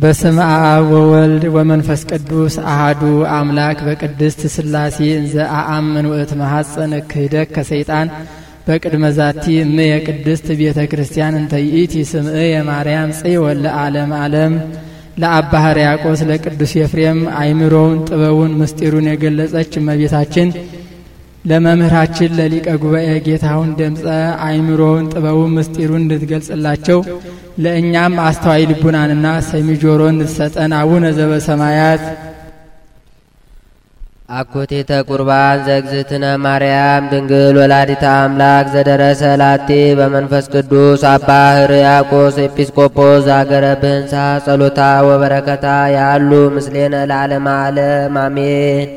በስም አብ ወወልድ ወመንፈስ ቅዱስ አህዱ አምላክ በቅድስት ስላሴ እንዘ አአምን ውእት መሐፀን ክህደክ ከሰይጣን በቅድመ ዛቲ እም የቅድስት ቤተ ክርስቲያን እንተ ይእቲ ስምዕ የማርያም ጽዮን ለዓለም ዓለም ለአባ ሕርያቆስ ለቅዱስ ኤፍሬም አይምሮውን ጥበቡን ምስጢሩን የገለጸች እመቤታችን ለመምህራችን ለሊቀ ጉባኤ ጌታውን ደምፀ አይምሮውን ጥበቡን ምስጢሩን እንድትገልጽላቸው ለእኛም አስተዋይ ልቡናንና ሰሚ ጆሮ እንድትሰጠን አቡነ ሰማያት አኩቴተ ቁርባን ዘግዝትነ ማርያም ድንግል ወላዲታ አምላክ ዘደረሰ ላቴ በመንፈስ ቅዱስ አባ ሕርያቆስ ኤጲስቆጶስ አገረ ብህንሳ ጸሎታ ወበረከታ ያሉ ምስሌነ ለዓለመ ዓለም አሜን።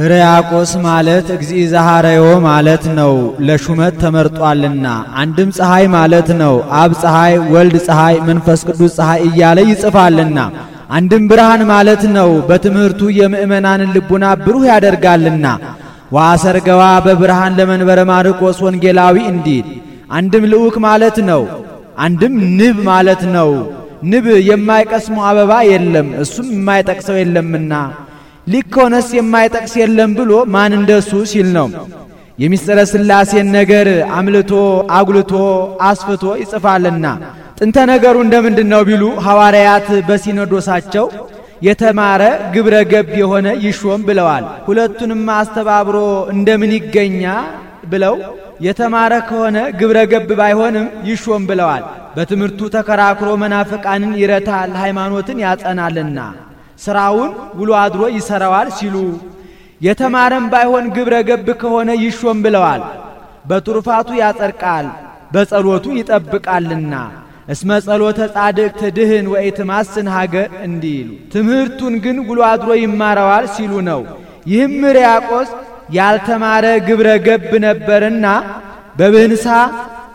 ሕርያቆስ ማለት እግዚ ዘሐረዮ ማለት ነው፣ ለሹመት ተመርጧልና። አንድም ፀሐይ ማለት ነው፣ አብ ፀሐይ፣ ወልድ ፀሐይ፣ መንፈስ ቅዱስ ፀሐይ እያለ ይጽፋልና። አንድም ብርሃን ማለት ነው፣ በትምህርቱ የምእመናንን ልቡና ብሩህ ያደርጋልና። ዋሰርገዋ በብርሃን ለመንበረ ማርቆስ ወንጌላዊ እንዲል። አንድም ልዑክ ማለት ነው፣ አንድም ንብ ማለት ነው። ንብ የማይቀስሙ አበባ የለም፣ እሱም የማይጠቅሰው የለምና ሊኮነስ የማይጠቅስ የለም ብሎ ማን እንደሱ ሲል ነው። የሚስጥረ ሥላሴን ነገር አምልቶ አጉልቶ አስፍቶ ይጽፋልና ጥንተ ነገሩ እንደምንድን ነው ቢሉ ሐዋርያት በሲኖዶሳቸው የተማረ ግብረ ገብ የሆነ ይሾም ብለዋል። ሁለቱንም አስተባብሮ እንደምን ይገኛ ብለው የተማረ ከሆነ ግብረ ገብ ባይሆንም ይሾም ብለዋል። በትምህርቱ ተከራክሮ መናፍቃንን ይረታል፣ ሃይማኖትን ያጸናልና ስራውን ውሎ አድሮ ይሰራዋል ሲሉ የተማረም ባይሆን ግብረ ገብ ከሆነ ይሾም ብለዋል። በትሩፋቱ ያጸድቃል በጸሎቱ ይጠብቃልና እስመ ጸሎተ ጻድቅ ትድህን ትማስን ሀገር እንዲሉ ትምህርቱን ግን ውሎ አድሮ ይማረዋል ሲሉ ነው። ይህም ሕርያቆስ ያልተማረ ግብረ ገብ ነበርና በብህንሳ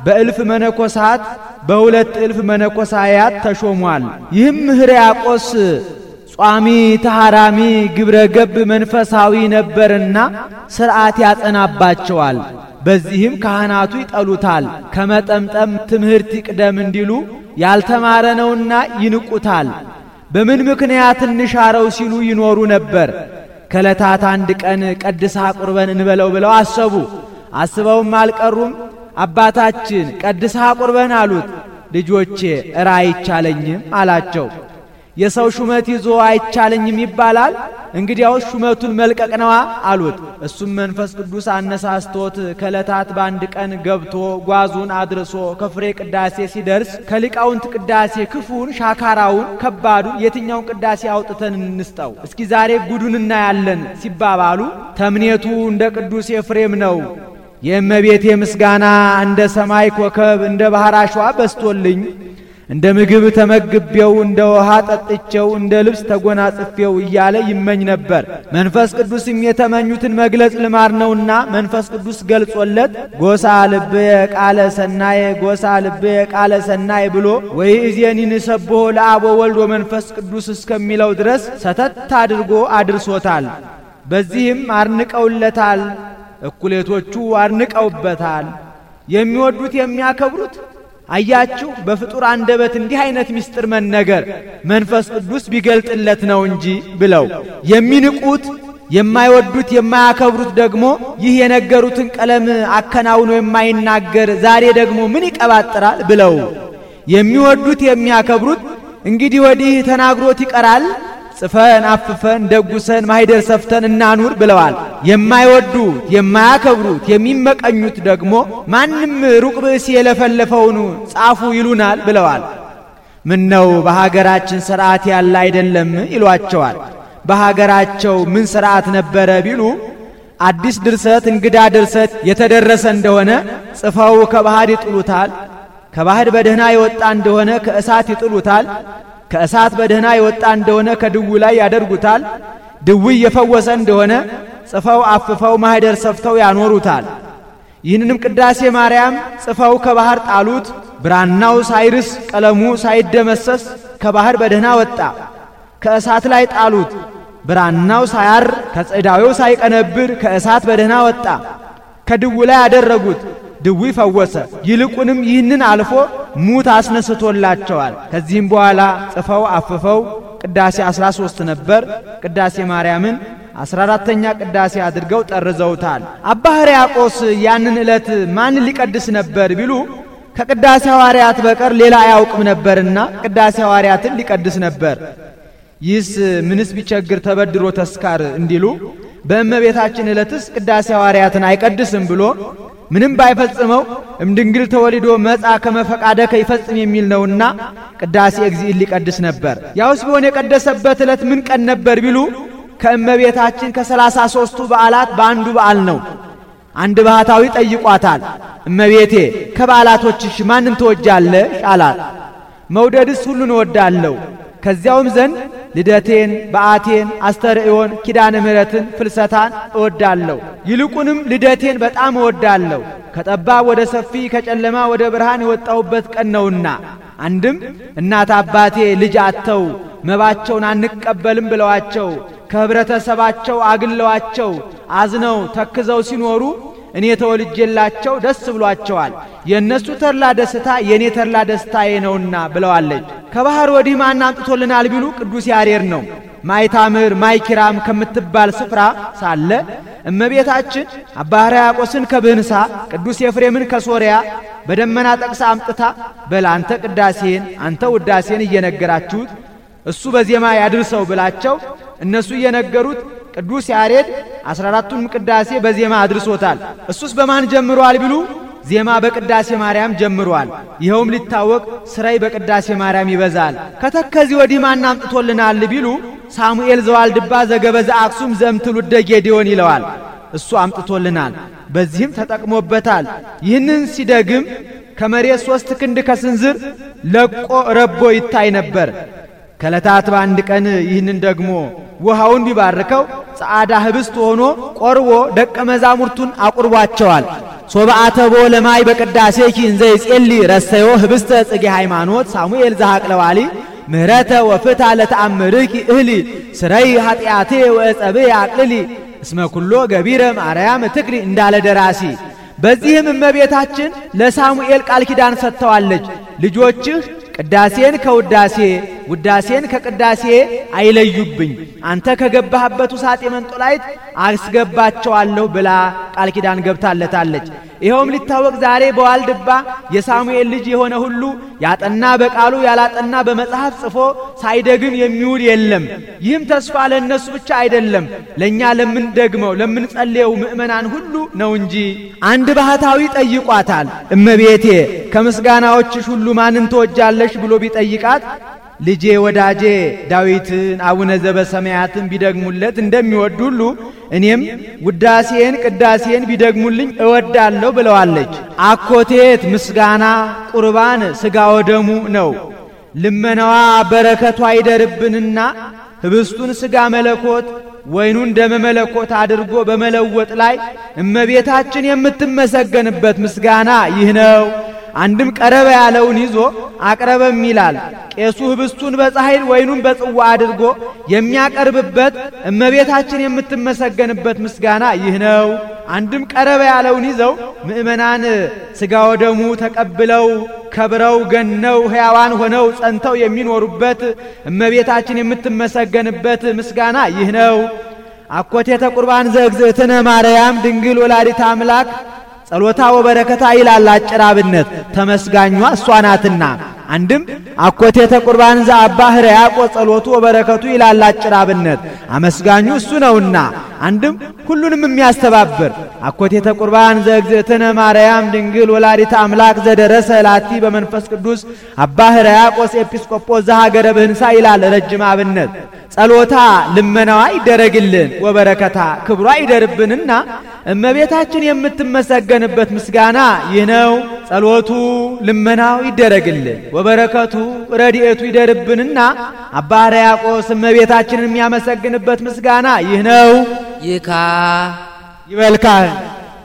በእልፍ መነኮሳት በሁለት እልፍ መነኮሳያት ተሾሟል። ይህም ሕርያቆስ ጿሚ ተሐራሚ ግብረ ገብ መንፈሳዊ ነበርና ሥርዓት ያጸናባቸዋል። በዚህም ካህናቱ ይጠሉታል። ከመጠምጠም ትምህርት ይቅደም እንዲሉ ያልተማረ ነውና ይንቁታል። በምን ምክንያት እንሻረው ሲሉ ይኖሩ ነበር። ከለታት አንድ ቀን ቀድሳ ቁርበን እንበለው ብለው አሰቡ። አስበውም አልቀሩም። አባታችን ቀድሳ ቁርበን አሉት። ልጆቼ እራ አይቻለኝም አላቸው። የሰው ሹመት ይዞ አይቻለኝም ይባላል። እንግዲያውስ ሹመቱን መልቀቅ ነዋ አሉት። እሱም መንፈስ ቅዱስ አነሳስቶት ከለታት በአንድ ቀን ገብቶ ጓዙን አድርሶ ከፍሬ ቅዳሴ ሲደርስ ከሊቃውንት ቅዳሴ ክፉን፣ ሻካራውን፣ ከባዱን የትኛውን ቅዳሴ አውጥተን እንስጠው እስኪ ዛሬ ጉዱን እናያለን ሲባባሉ ተምኔቱ እንደ ቅዱስ ኤፍሬም ነው የእመቤቴ ምስጋና እንደ ሰማይ ኮከብ እንደ ባሕር አሸዋ በስቶልኝ እንደ ምግብ ተመግቤው እንደ ውሃ ጠጥቼው እንደ ልብስ ተጎናጽፌው እያለ ይመኝ ነበር። መንፈስ ቅዱስም የተመኙትን መግለጽ ልማር ነውና መንፈስ ቅዱስ ገልጾለት ጎሳ ልብየ ቃለ ሰናየ ጎሳ ልብየ ቃለ ሰናየ ብሎ ወይ እዜን ይንሰብሖ ለአቦ ወወልድ መንፈስ ቅዱስ እስከሚለው ድረስ ሰተት አድርጎ አድርሶታል። በዚህም አድንቀውለታል። እኩሌቶቹ አድንቀውበታል። የሚወዱት የሚያከብሩት አያችሁ በፍጡር አንደበት እንዲህ አይነት ምስጢር መነገር መንፈስ ቅዱስ ቢገልጥለት ነው እንጂ ብለው የሚንቁት የማይወዱት የማያከብሩት ደግሞ ይህ የነገሩትን ቀለም አከናውኖ የማይናገር ዛሬ ደግሞ ምን ይቀባጥራል ብለው የሚወዱት የሚያከብሩት እንግዲህ ወዲህ ተናግሮት ይቀራል ጽፈን አፍፈን ደጉሰን ማይደር ሰፍተን እናኑር ብለዋል። የማይወዱት የማያከብሩት የሚመቀኙት ደግሞ ማንም ሩቅ ብእሲ የለፈለፈውን ጻፉ ይሉናል ብለዋል። ነው በሀገራችን ሥርዓት ያለ አይደለም ይሏቸዋል። በሀገራቸው ምን ሥርዓት ነበረ ቢሉ አዲስ ድርሰት እንግዳ ድርሰት የተደረሰ እንደሆነ ጽፈው ከባህር ይጥሉታል። ከባህር በደህና የወጣ እንደሆነ ከእሳት ይጥሉታል። ከእሳት በደህና የወጣ እንደሆነ ከድው ላይ ያደርጉታል። ድው እየፈወሰ እንደሆነ ጽፈው አፍፈው ማኅደር ሰፍተው ያኖሩታል። ይህንንም ቅዳሴ ማርያም ጽፈው ከባህር ጣሉት። ብራናው ሳይርስ ቀለሙ ሳይደመሰስ ከባህር በደህና ወጣ። ከእሳት ላይ ጣሉት። ብራናው ሳያር ከጽዳዊው ሳይቀነብር ከእሳት በደህና ወጣ። ከድው ላይ ያደረጉት ድዊ ፈወሰ። ይልቁንም ይህንን አልፎ ሙት አስነስቶላቸዋል። ከዚህም በኋላ ጽፈው አፍፈው ቅዳሴ 13 ነበር። ቅዳሴ ማርያምን 14ተኛ ቅዳሴ አድርገው ጠርዘውታል። አባ ሕርያቆስ ያንን ዕለት ማን ሊቀድስ ነበር ቢሉ ከቅዳሴ ሐዋርያት በቀር ሌላ አያውቅም ነበርና ቅዳሴ ሐዋርያትን ሊቀድስ ነበር። ይህስ ምንስ ቢቸግር ተበድሮ ተስካር እንዲሉ በእመቤታችን ዕለትስ ቅዳሴ ሐዋርያትን አይቀድስም ብሎ ምንም ባይፈጽመው እምድንግል ተወልዶ መጻ ከመፈቃደከ ይፈጽም የሚል ነውና ቅዳሴ እግዚእን ሊቀድስ ነበር። ያውስ ቢሆን የቀደሰበት ዕለት ምን ቀን ነበር ቢሉ ከእመቤታችን ከሰላሳ ሦስቱ በዓላት በአንዱ በዓል ነው። አንድ ባህታዊ ጠይቋታል። እመቤቴ ከበዓላቶችሽ ማንን ትወጃለሽ? አላት። መውደድስ ሁሉን እወዳለሁ ከዚያውም ዘንድ ልደቴን፣ በዓቴን፣ አስተርእዮን፣ ኪዳነ ምሕረትን፣ ፍልሰታን እወዳለሁ። ይልቁንም ልደቴን በጣም እወዳለሁ። ከጠባብ ወደ ሰፊ ከጨለማ ወደ ብርሃን የወጣሁበት ቀን ነውና አንድም እናት አባቴ ልጅ አጥተው መባቸውን አንቀበልም ብለዋቸው ከህብረተሰባቸው አግለዋቸው አዝነው ተክዘው ሲኖሩ እኔ ተወልጄላቸው ደስ ብሏቸዋል። የእነሱ ተድላ ደስታ የእኔ ተድላ ደስታዬ ነውና ብለዋለች። ከባሕር ወዲህ ማን አምጥቶልናል ቢሉ ቅዱስ ያሬድ ነው። ማይታምር ማይኪራም ከምትባል ስፍራ ሳለ እመቤታችን አባ ሕርያቆስን ከብህንሳ ቅዱስ ኤፍሬምን ከሶርያ በደመና ጠቅሳ አምጥታ በል አንተ ቅዳሴን አንተ ውዳሴን እየነገራችሁት እሱ በዜማ ያድርሰው ብላቸው እነሱ እየነገሩት ቅዱስ ያሬድ አስራ አራቱን ቅዳሴ በዜማ አድርሶታል። እሱስ በማን ጀምሯል ቢሉ ዜማ በቅዳሴ ማርያም ጀምሯል። ይኸውም ሊታወቅ ስራይ በቅዳሴ ማርያም ይበዛል። ከተከዚህ ወዲህ ማን አምጥቶልናል ቢሉ ሳሙኤል ዘዋልድባ ዘገበዘ አክሱም ዘምትሉደ ጌዴዎን ይለዋል። እሱ አምጥቶልናል። በዚህም ተጠቅሞበታል። ይህንን ሲደግም ከመሬት ሦስት ክንድ ከስንዝር ለቆ ረቦ ይታይ ነበር። ከለታት በአንድ ቀን ይህንን ደግሞ ውሃውን ቢባርከው ጸዓዳ ህብስት ሆኖ ቆርቦ ደቀ መዛሙርቱን አቁርቧቸዋል። ሶበአተቦ ለማይ በቅዳሴኪ እንዘ ይጼልይ ረሰዮ ህብስተ ጽጌ ሃይማኖት ሳሙኤል ዘሐቅለዋሊ ምህረተ ወፍታ ለተአምርኪ እህሊ ስረይ ኃጢአቴ ወእጸብ አቅልሊ እስመ ኩሎ ገቢረ ማርያም ትክሪ እንዳለ ደራሲ። በዚህም እመቤታችን ለሳሙኤል ቃል ኪዳን ሰጥተዋለች። ልጆችህ ቅዳሴን ከውዳሴ ውዳሴን ከቅዳሴ አይለዩብኝ፣ አንተ ከገባህበት ውሳጤ መንጦላይት አስገባቸዋለሁ ብላ ቃል ኪዳን ገብታለታለች። ይኸውም ሊታወቅ ዛሬ በዋልድባ የሳሙኤል ልጅ የሆነ ሁሉ ያጠና በቃሉ ያላጠና በመጽሐፍ ጽፎ ሳይደግም የሚውል የለም። ይህም ተስፋ ለእነሱ ብቻ አይደለም፣ ለእኛ ለምንደግመው ለምንጸልየው ምእመናን ሁሉ ነው እንጂ። አንድ ባህታዊ ጠይቋታል። እመቤቴ ከምስጋናዎችሽ ሁሉ ማንን ትወጃለሽ ብሎ ቢጠይቃት ልጄ ወዳጄ ዳዊትን አቡነ ሰማያትን ቢደግሙለት እንደሚወድ ሁሉ እኔም ውዳሴን ቅዳሴን ቢደግሙልኝ እወዳለሁ ብለዋለች። አኮቴት ምስጋና ቁርባን ሥጋ ወደሙ ነው። ልመናዋ በረከቷ አይደርብንና ህብስቱን ሥጋ መለኮት ወይኑን ደመ መለኮት አድርጎ በመለወጥ ላይ እመቤታችን የምትመሰገንበት ምስጋና ይህ ነው። አንድም ቀረበ ያለውን ይዞ አቅረበም ይላል። ቄሱ ህብስቱን በፀሐይን ወይኑን በጽዋ አድርጎ የሚያቀርብበት እመቤታችን የምትመሰገንበት ምስጋና ይህ ነው። አንድም ቀረበ ያለውን ይዘው ምእመናን ስጋ ወደሙ ተቀብለው ከብረው ገነው ሕያዋን ሆነው ጸንተው የሚኖሩበት እመቤታችን የምትመሰገንበት ምስጋና ይህ ነው። አኮቴተ ቁርባን ዘእግዝእትነ ማርያም ድንግል ወላዲተ አምላክ ጸሎታ ወበረከታ ይላል አጭራብነት ተመስጋኟ እሷ ናትና አንድም አኮቴተ ቁርባን ዘአባ ሕርያቆ ጸሎቱ ወበረከቱ ይላል አጭራብነት። አመስጋኙ እሱ ነውና አንድም ሁሉንም የሚያስተባብር አኮቴተ ቁርባን ዘእግዝእትነ ማርያም ድንግል ወላዲተ አምላክ ዘደረሰ ላቲ በመንፈስ ቅዱስ አባ ሕርያቆስ ኤጲስቆጶስ ዘሀገረ ብህንሳ ይላል ረጅም አብነት። ጸሎታ ልመናዋ ይደረግልን ወበረከታ ክብሯ ይደርብንና እመቤታችን የምትመሰገንበት ምስጋና ይህ ነው። ጸሎቱ ልመናው ይደረግልን ወበረከቱ ረድኤቱ ይደርብንና አባ ሕርያቆስ እመቤታችንን የሚያመሰግንበት ምስጋና ይህ ነው። ይካ ይበልካል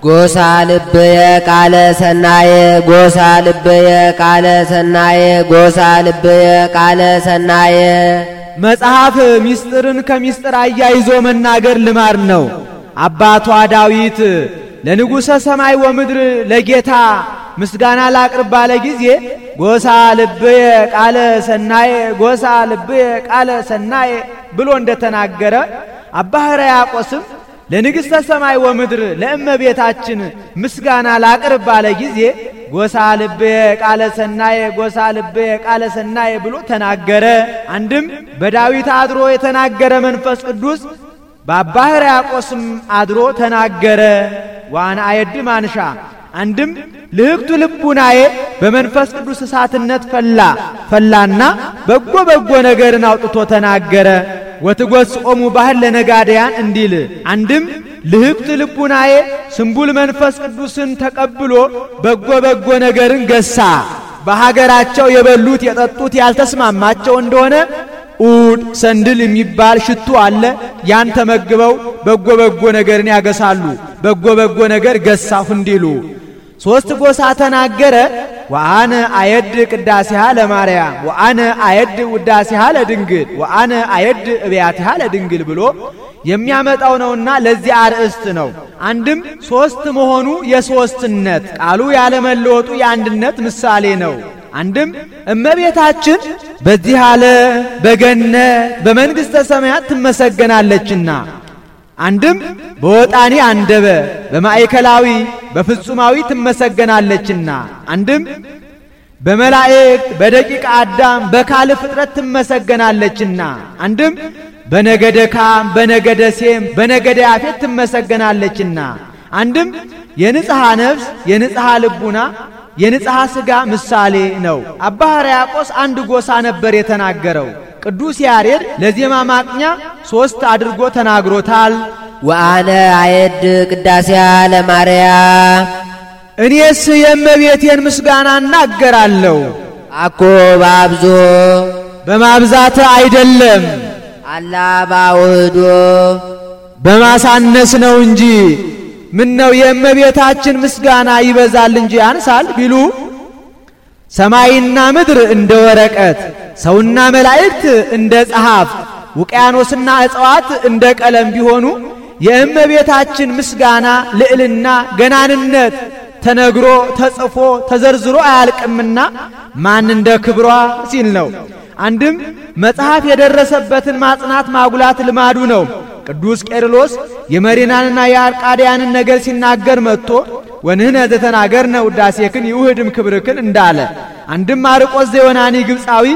ጎሳ ልበየ ቃለ ሰናየ ጎሳ ልበየ ቃለ ሰናየ ጎሳ ልበየ ቃለ ሰናየ። መጽሐፍ ሚስጥርን ከሚስጥር አያይዞ መናገር ልማድ ነው። አባቷ ዳዊት ለንጉሠ ሰማይ ወምድር ለጌታ ምስጋና ላቅርብ ባለ ጊዜ ጎሳ ልብየ ቃለ ሰናየ ጎሳ ልብየ ቃለ ሰናየ ብሎ እንደተናገረ አባ ሕርያቆስም ለንግሥተ ሰማይ ወምድር ለእመቤታችን ምስጋና ላቅርብ ባለ ጊዜ ጎሳ ልብየ ቃለ ሰናዬ ጎሳ ልብየ ቃለ ሰናዬ ብሎ ተናገረ። አንድም በዳዊት አድሮ የተናገረ መንፈስ ቅዱስ በአባ ሕርያቆስም አድሮ ተናገረ። ዋን አየድ ማንሻ አንድም ልህቅቱ ልቡናዬ በመንፈስ ቅዱስ እሳትነት ፈላ ፈላና በጎ በጎ ነገርን አውጥቶ ተናገረ። ወትጐስዖሙ ባህል ለነጋዴያን እንዲል አንድም ልህቅቱ ልቡናዬ ስምቡል መንፈስ ቅዱስን ተቀብሎ በጎ በጎ ነገርን ገሳ። በሀገራቸው የበሉት የጠጡት ያልተስማማቸው እንደሆነ ኡድ ሰንድል የሚባል ሽቱ አለ። ያን ተመግበው በጎ በጎ ነገርን ያገሳሉ። በጎ በጎ ነገር ገሳሁ እንዲሉ ሶስት ጎሳ ተናገረ። ወአነ አየድ ቅዳሴሃ ለማርያም ወአነ አየድ ውዳሴሃ ለድንግል ወአነ አየድ እብያትሃ ለድንግል ብሎ የሚያመጣው ነውና ለዚህ አርእስት ነው። አንድም ሶስት መሆኑ የሶስትነት ቃሉ ያለመለወጡ የአንድነት ምሳሌ ነው። አንድም እመቤታችን በዚህ አለ በገነ በመንግሥተ ሰማያት ትመሰገናለችና አንድም በወጣኒ አንደበ በማዕከላዊ በፍጹማዊ ትመሰገናለችና አንድም በመላእክ በደቂቀ አዳም በካል ፍጥረት ትመሰገናለችና አንድም በነገደ ካም በነገደ ሴም በነገደ ያፌት ትመሰገናለችና አንድም የንጽሐ ነፍስ የንጽሐ ልቡና የንጽሐ ሥጋ ምሳሌ ነው። አባ ሕርያቆስ አንድ ጎሳ ነበር የተናገረው። ቅዱስ ያሬድ ለዜማ ማቅኛ ሦስት አድርጎ ተናግሮታል። ወአነ አየድ ቅዳሴያ ለማርያም እኔስ የእመቤቴን ምስጋና እናገራለሁ። አኮ ባብዞ በማብዛት አይደለም አላ ባውህዶ በማሳነስ ነው እንጂ ምን ነው የእመቤታችን ምስጋና ይበዛል እንጂ ያንሳል ቢሉ ሰማይና ምድር እንደ ወረቀት፣ ሰውና መላእክት እንደ ጸሐፍት፣ ውቅያኖስና እጽዋት እንደ ቀለም ቢሆኑ የእመቤታችን ምስጋና ልዕልና፣ ገናንነት ተነግሮ ተጽፎ ተዘርዝሮ አያልቅምና ማን እንደ ክብሯ ሲል ነው። አንድም መጽሐፍ የደረሰበትን ማጽናት ማጉላት ልማዱ ነው። ቅዱስ ቄርሎስ የመሪናንና የአርቃዲያንን ነገር ሲናገር መጥቶ ወንህነ ዘተናገርነ ውዳሴክን ይውህድም ክብርክን እንዳለ አንድም አርቆስ ዘዮናኒ ግብፃዊ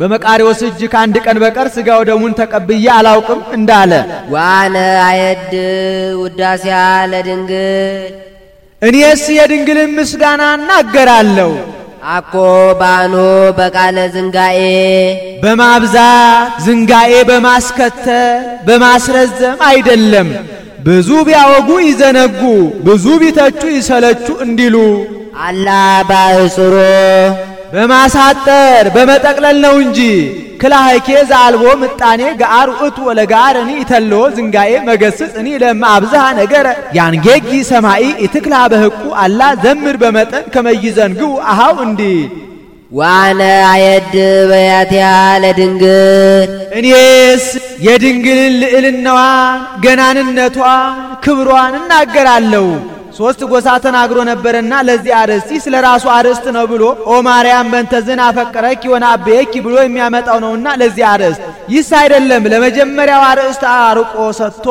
በመቃሪዎስ እጅ ከአንድ ቀን በቀር ስጋው ደሙን ተቀብዬ አላውቅም እንዳለ ዋነ አየድ ውዳሴያ ለድንግል እኔስ የድንግልን ምስጋና እናገራለሁ። አኮ ባኖ በቃለ ዝንጋኤ በማብዛት ዝንጋኤ በማስከተ በማስረዘም አይደለም። ብዙ ቢያወጉ ይዘነጉ፣ ብዙ ቢተቹ ይሰለቹ እንዲሉ አላ ባእጽሮ በማሳጠር በመጠቅለል ነው እንጂ ክላሃይኬ ዛልቦ ምጣኔ ጋር ውእቱ ወለጋር እኒ ተሎ ዝንጋዬ መገስጽ እኒ ለማ አብዝሃ ነገረ ያንጌጊ ሰማኢ ኢትክላ በህቁ አላ ዘምር በመጠን ከመይዘንግው አሃው እንዲ ዋነ አየድ በያትያ ለድንግል እኔስ የድንግልን ልዕልናዋን ገናንነቷ ክብሯን እናገራለሁ። ሶስት ጎሳ ተናግሮ ነበርና ለዚህ አርእስቲ ስለ ራሱ አርእስት ነው ብሎ ኦ ማርያም በእንተዝን አፈቀረኪ ይሆን አበየኪ ብሎ የሚያመጣው ነውና ለዚህ አርእስት ይስ አይደለም ለመጀመሪያው አርእስት አርቆ ሰጥቶ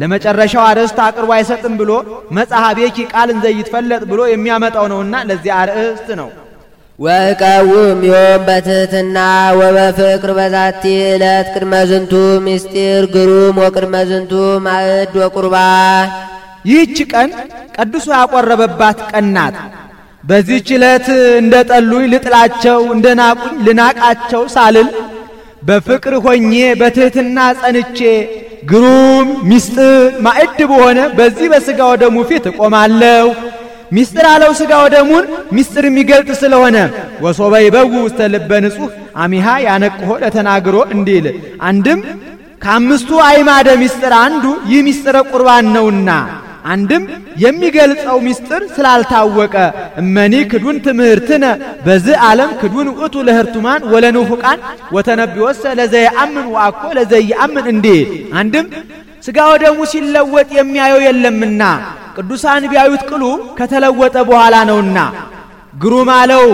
ለመጨረሻው አርእስት አቅርቦ አይሰጥም ብሎ መጽሐቤኪ ዘይት ፈለጥ ብሎ የሚያመጣው ነውና ለዚህ አርእስት ነው። ወቀውም ዮም በትህትና ወበፍቅር በዛቲ ዕለት ቅድመ ዝንቱ ምስጢር ግሩም ወቅድመ ዝንቱ ማዕድ ወቁርባን ይህች ቀን ቅዱሱ ያቆረበባት ቀን ናት። በዚህች ዕለት እንደ ጠሉኝ ልጥላቸው፣ እንደ ናቁኝ ልናቃቸው ሳልል በፍቅር ሆኜ በትሕትና ጸንቼ ግሩም ምስጢር ማዕድ በሆነ በዚህ በሥጋ ወደሙ ፊት እቆማለሁ። ምስጢር አለው ሥጋ ወደሙን ምስጢር የሚገልጥ ስለሆነ ወሶበ ይበጉ ውስተ ልበ ንጹሕ አሚሃ ያነቅሆ ለተናግሮ እንዲል አንድም ከአምስቱ አይማደ ምስጢር አንዱ ይህ ምስጢረ ቁርባን ነውና አንድም የሚገልጸው ምስጢር ስላልታወቀ እመኒ ክዱን ትምህርትነ በዚህ ዓለም ክዱን ውእቱ ለህርቱማን ወለንፉቃን ወተነቢወሰ ለዘየአምን ወአኮ ለዘየአምን እንዴ አንድም ሥጋ ወደሙ ሲለወጥ የሚያየው የለምና ቅዱሳን ቢያዩት ቅሉ ከተለወጠ በኋላ ነውና ግሩም አለው።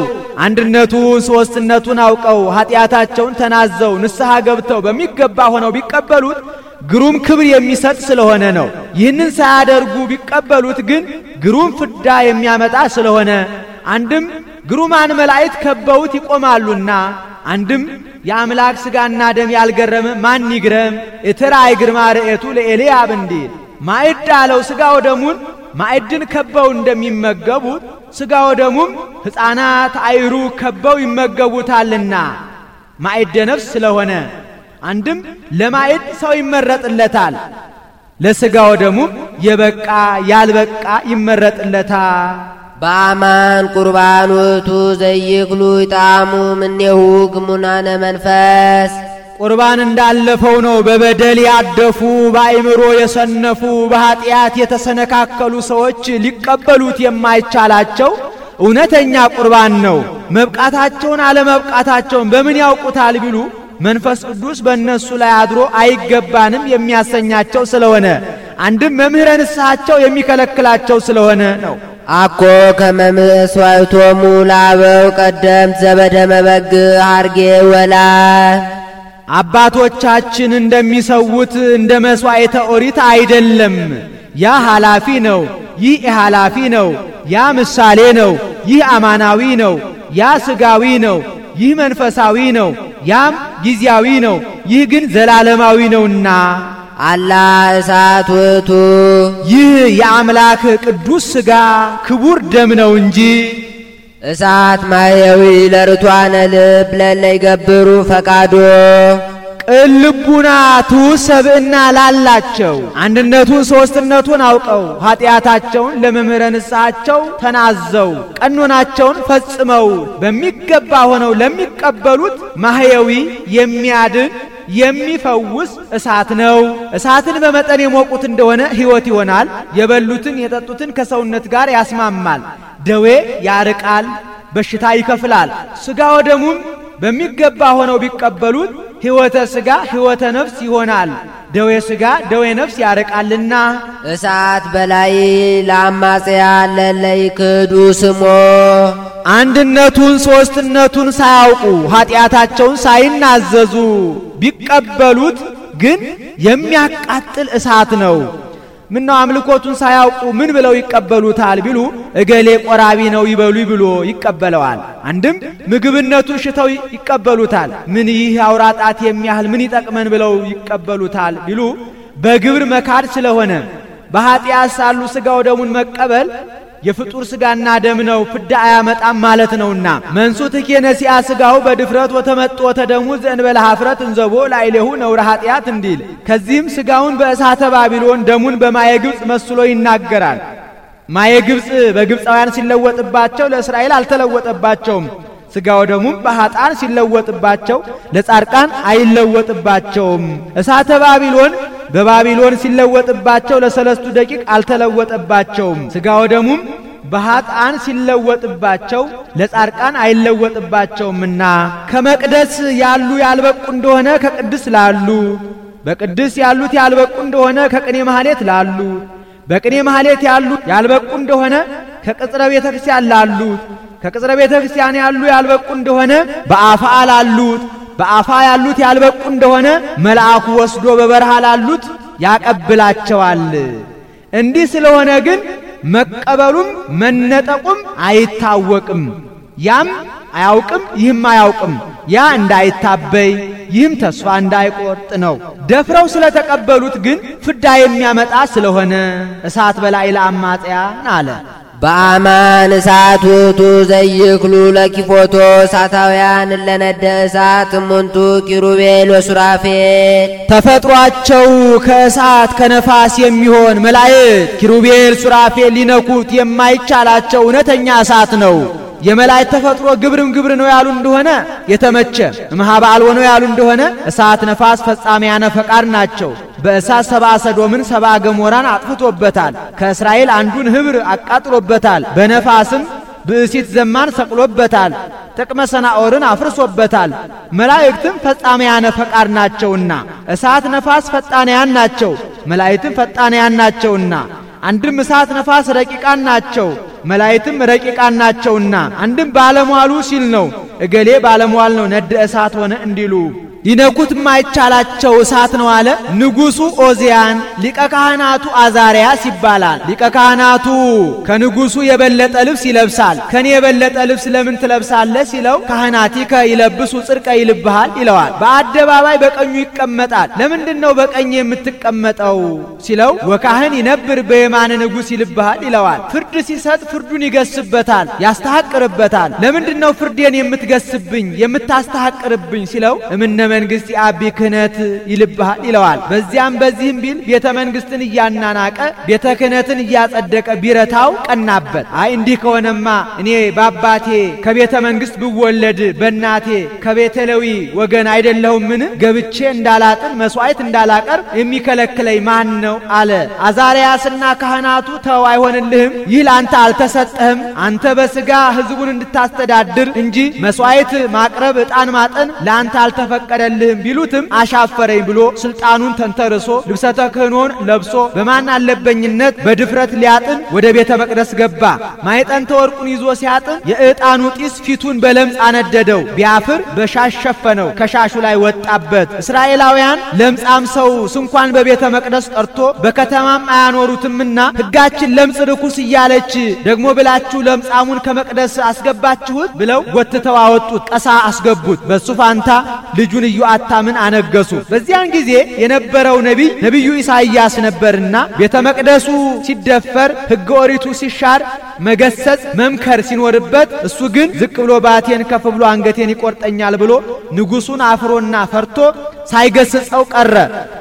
አንድነቱን ሦስትነቱን አውቀው ኀጢአታቸውን ተናዘው ንስሐ ገብተው በሚገባ ሆነው ቢቀበሉት ግሩም ክብር የሚሰጥ ስለሆነ ነው። ይህንን ሳያደርጉ ቢቀበሉት ግን ግሩም ፍዳ የሚያመጣ ስለሆነ አንድም ግሩማን መላእክት ከበውት ይቆማሉና፣ አንድም የአምላክ ሥጋና ደም ያልገረመ ማን ይግረም? እትራይ ግርማ ርኤቱ ለኤልያብ እንዲል ማዕድ አለው። ሥጋው ደሙን ማዕድን ከበው እንደሚመገቡት ሥጋው ደሙም ሕፃናት አይሩ ከበው ይመገቡታልና ማዕደ ነፍስ ስለሆነ አንድም ለማየት ሰው ይመረጥለታል፣ ለስጋው ደግሞ የበቃ ያልበቃ ይመረጥለታል። በአማን ቁርባን ውእቱ ዘይክሉ ይጣሙ እምኔሁ ግሙናነ መንፈስ ቁርባን እንዳለፈው ነው። በበደል ያደፉ በአእምሮ የሰነፉ በኀጢአት የተሰነካከሉ ሰዎች ሊቀበሉት የማይቻላቸው እውነተኛ ቁርባን ነው። መብቃታቸውን አለመብቃታቸውን በምን ያውቁታል ቢሉ መንፈስ ቅዱስ በእነሱ ላይ አድሮ አይገባንም የሚያሰኛቸው ስለሆነ አንድም መምህረ ንስሐቸው የሚከለክላቸው ስለሆነ ነው። አኮ ከመምስዋይቶሙ ላበው ቀደምት ዘበደ መበግ አርጌ ወላ አባቶቻችን እንደሚሰውት እንደ መስዋዕተ ኦሪት አይደለም። ያ ኃላፊ ነው፣ ይህ ኃላፊ ነው። ያ ምሳሌ ነው፣ ይህ አማናዊ ነው። ያ ስጋዊ ነው፣ ይህ መንፈሳዊ ነው። ያም ጊዜያዊ ነው፣ ይህ ግን ዘላለማዊ ነውና አላ እሳት ውእቱ ይህ የአምላክ ቅዱስ ሥጋ ክቡር ደም ነው እንጂ እሳት ማየዊ ለርቷነ ልብ ለለ ይገብሩ ፈቃዶ ልቡናቱ ሰብእና ላላቸው አንድነቱን ሦስትነቱን አውቀው ኃጢአታቸውን ለመምህረ ንስሓቸው ተናዘው ቀኖናቸውን ፈጽመው በሚገባ ሆነው ለሚቀበሉት ማህየዊ የሚያድን የሚፈውስ እሳት ነው። እሳትን በመጠን የሞቁት እንደሆነ ሕይወት ይሆናል። የበሉትን የጠጡትን ከሰውነት ጋር ያስማማል። ደዌ ያርቃል፣ በሽታ ይከፍላል። ሥጋ ወደሙም በሚገባ ሆነው ቢቀበሉት ሕይወተ ሥጋ ሕይወተ ነፍስ ይሆናል። ደዌ ሥጋ ደዌ ነፍስ ያርቃልና። እሳት በላይ ለአማጽያን ለእለ ክዱ ስሞ አንድነቱን ሦስትነቱን ሳያውቁ ኀጢአታቸውን ሳይናዘዙ ቢቀበሉት ግን የሚያቃጥል እሳት ነው። ምነው አምልኮቱን ሳያውቁ ምን ብለው ይቀበሉታል ቢሉ እገሌ ቆራቢ ነው ይበሉ ብሎ ይቀበለዋል። አንድም ምግብነቱን ሽተው ይቀበሉታል። ምን ይህ አውራጣት የሚያህል ምን ይጠቅመን ብለው ይቀበሉታል ቢሉ በግብር መካድ ስለሆነ በኃጢአት ሳሉ ሥጋው ደሙን መቀበል የፍጡር ስጋና ደም ነው፣ ፍዳ አያመጣም ማለት ነውና ትኬ ኬነሲያ ስጋው በድፍረት ወተመጦ ተደሙ ዘእንበለ ሀፍረት እንዘቦ ላይሌሁ ነውረ ኀጢአት እንዲል ከዚህም ስጋውን በእሳተ ባቢሎን ደሙን በማየ ግብፅ መስሎ ይናገራል። ማየ ግብፅ በግብፃውያን ሲለወጥባቸው ለእስራኤል አልተለወጠባቸውም። ስጋው ደሙም በሀጣን ሲለወጥባቸው ለጻድቃን አይለወጥባቸውም። እሳተ ባቢሎን በባቢሎን ሲለወጥባቸው ለሰለስቱ ደቂቅ አልተለወጠባቸውም። ሥጋ ወደሙም በኀጥአን ሲለወጥባቸው ለጻድቃን አይለወጥባቸውምና ከመቅደስ ያሉ ያልበቁ እንደሆነ ከቅድስ ላሉ፣ በቅድስ ያሉት ያልበቁ እንደሆነ ከቅኔ ማህሌት ላሉ፣ በቅኔ ማህሌት ያሉ ያልበቁ እንደሆነ ከቅጽረ ቤተ ክርስቲያን ላሉት፣ ከቅጽረ ቤተ ክርስቲያን ያሉ ያልበቁ እንደሆነ በአፍአ ላሉት በአፋ ያሉት ያልበቁ እንደሆነ መልአኩ ወስዶ በበረሃ ላሉት ያቀብላቸዋል። እንዲህ ስለሆነ ግን መቀበሉም መነጠቁም አይታወቅም። ያም አያውቅም፣ ይህም አያውቅም። ያ እንዳይታበይ፣ ይህም ተስፋ እንዳይቆርጥ ነው። ደፍረው ስለተቀበሉት ግን ፍዳ የሚያመጣ ስለሆነ እሳት በላይ አማጽያን አለ። በአማን እሳት ውቱ ዘይክሉ ለኪፎቶ እሳታውያን ለነደ እሳት እሙንቱ ኪሩቤል ወሱራፌል ተፈጥሯቸው ከእሳት ከነፋስ የሚሆን መላእክት ኪሩቤል ሱራፌል ሊነኩት የማይቻላቸው እውነተኛ እሳት ነው። የመላእክት ተፈጥሮ ግብርም ግብር ነው ያሉ እንደሆነ የተመቸ እምኀበ አልቦ ነው ያሉ እንደሆነ እሳት ነፋስ ፈጻሚያነ ፈቃድ ናቸው። በእሳት ሰባ ሰዶምን ሰባ ገሞራን አጥፍቶበታል። ከእስራኤል አንዱን ህብር አቃጥሎበታል። በነፋስም ብእሲት ዘማን ሰቅሎበታል። ጥቅመ ሰናኦርን አፍርሶበታል። መላእክትም ፈጻመያነ ፈቃድ ናቸውና እሳት ነፋስ ፈጣንያን ናቸው። መላእክትም ፈጣንያን ናቸውና አንድም እሳት ነፋስ ረቂቃን ናቸው። መላእክትም ረቂቃን ናቸውና አንድም ባለሟሉ ሲል ነው። እገሌ ባለሟል ነው ነደ እሳት ሆነ እንዲሉ ሊነኩት የማይቻላቸው እሳት ነው አለ። ንጉሱ ኦዚያን ሊቀ ካህናቱ አዛሪያስ ይባላል። ሊቀ ካህናቱ ከንጉሱ የበለጠ ልብስ ይለብሳል። ከኔ የበለጠ ልብስ ለምን ትለብሳለህ ሲለው ካህናቲከ ይለብሱ ጽድቀ ይልብሃል ይለዋል። በአደባባይ በቀኙ ይቀመጣል። ለምንድን ነው በቀኝ የምትቀመጠው ሲለው ወካህን ይነብር በየማነ ንጉስ ይልብሃል ይለዋል። ፍርድ ሲሰጥ ፍርዱን ይገስበታል፣ ያስተሐቅርበታል። ለምንድን ነው ፍርዴን የምትገስብኝ የምታስተሐቅርብኝ ሲለው እምነ መንግሥት የአቢ ክህነት ይልብሃል ይለዋል። በዚያም በዚህም ቢል ቤተ መንግሥትን እያናናቀ ቤተ ክህነትን እያጸደቀ ቢረታው ቀናበት። አይ እንዲህ ከሆነማ እኔ በአባቴ ከቤተ መንግሥት ብወለድ በእናቴ ከቤተለዊ ወገን አይደለሁምን? ገብቼ እንዳላጥን መሥዋዕት እንዳላቀርብ የሚከለክለኝ ማን ነው አለ። አዛርያስና ካህናቱ ተው አይሆንልህም፣ ይህ ለአንተ አልተሰጠህም። አንተ በሥጋ ሕዝቡን እንድታስተዳድር እንጂ መሥዋዕት ማቅረብ ዕጣን ማጠን ለአንተ አልተፈቀደ አልፈቀደልህም ቢሉትም አሻፈረኝ ብሎ ስልጣኑን ተንተርሶ ልብሰ ተክህኖን ለብሶ በማን አለበኝነት በድፍረት ሊያጥን ወደ ቤተ መቅደስ ገባ። ማይጠንተ ወርቁን ይዞ ሲያጥን የዕጣኑ ጢስ ፊቱን በለምጽ አነደደው። ቢያፍር በሻሽ ሸፈነው፣ ከሻሹ ላይ ወጣበት። እስራኤላውያን ለምጻም ሰው ስንኳን በቤተ መቅደስ ጠርቶ በከተማም አያኖሩትምና ሕጋችን ለምጽ ርኩስ እያለች ደግሞ ብላችሁ ለምጻሙን ከመቅደስ አስገባችሁት ብለው ጎትተው አወጡት፣ ቀሳ አስገቡት። በሱ ፋንታ ልጁን አታምን አነገሱ። በዚያን ጊዜ የነበረው ነቢይ ነቢዩ ኢሳይያስ ነበርና ቤተ መቅደሱ ሲደፈር፣ ሕገ ኦሪቱ ሲሻር መገሰጽ መምከር ሲኖርበት እሱ ግን ዝቅ ብሎ ባቴን ከፍ ብሎ አንገቴን ይቆርጠኛል ብሎ ንጉሱን አፍሮና ፈርቶ ሳይገስጸው ቀረ።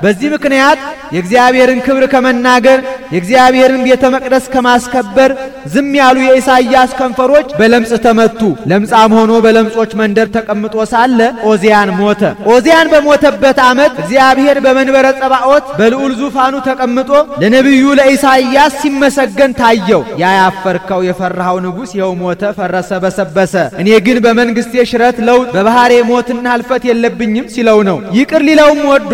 በዚህ ምክንያት የእግዚአብሔርን ክብር ከመናገር የእግዚአብሔርን ቤተ መቅደስ ከማስከበር ዝም ያሉ የኢሳይያስ ከንፈሮች በለምጽ ተመቱ። ለምጻም ሆኖ በለምጾች መንደር ተቀምጦ ሳለ ኦዚያን ሞተ። ኦዚያን በሞተበት ዓመት እግዚአብሔር በመንበረ ጸባዖት በልዑል ዙፋኑ ተቀምጦ ለነቢዩ ለኢሳይያስ ሲመሰገን ታየው። ያ ያፈርከው የፈራኸው ንጉሥ ይኸው ሞተ፣ ፈረሰ፣ በሰበሰ። እኔ ግን በመንግሥቴ ሽረት ለውጥ በባሕሬ ሞትና ኅልፈት የለብኝም ሲለው ነው። ይቅር ሊለውም ወዶ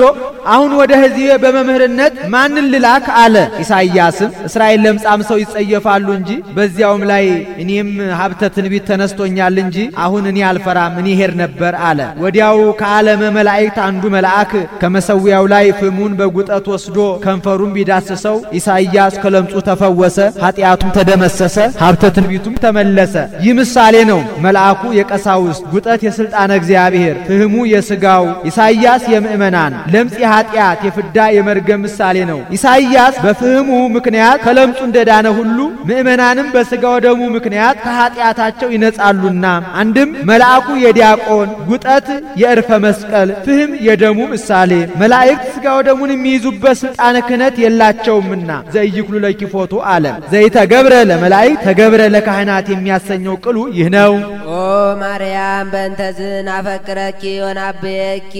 አሁን ወደ ሕዝቤ በመምህርነት ማንን ልላክ አለ። ኢሳይያስም እስራኤል ለምጻም ሰው ይጸየፋሉ እንጂ በዚያውም ላይ እኔም ሀብተ ትንቢት ተነስቶኛል እንጂ አሁን እኔ አልፈራም፣ እኔ ሄድ ነበር አለ። ወዲያው ከዓለመ መላእክት አንዱ መልአክ ከመሰዊያው ላይ ፍሙን በጉጠት ወስዶ ከንፈሩን ቢዳስሰው ኢሳይያስ ከለምጹ ተፈወሰ፣ ኃጢአቱም ተደመሰሰ፣ ሀብተ ትንቢቱም ተመለሰ። ይህ ምሳሌ ነው። መልአኩ የቀሳውስት ጉጠት የሥልጣነ እግዚአብሔር፣ ፍህሙ የሥጋው፣ ኢሳይያስ የምእመናን፣ ለምጽ የኃጢአት የፍዳ የመርገም ምሳሌ ነው። ኢሳይያስ በፍህሙ ምክንያት ከለምጹ እንደዳነ ሁሉ ምእመናን ምእመናንም በሥጋው ደሙ ምክንያት ከኀጢአታቸው ይነጻሉና፣ አንድም መልአኩ የዲያቆን ጉጠት የእርፈ መስቀል ፍህም የደሙ ምሳሌ መላእክት ሥጋው ደሙን የሚይዙበት ሥልጣነ ክህነት የላቸውምና ዘይክሉ ለኪፎቱ አለ ዘይተገብረ ለመላእክት ተገብረ ለካህናት የሚያሰኘው ቅሉ ይህ ነው። ኦ ማርያም በእንተዝን አፈቅረኪ ወናብየኪ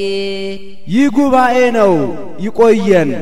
ይህ ጉባኤ ነው። ይቆየን።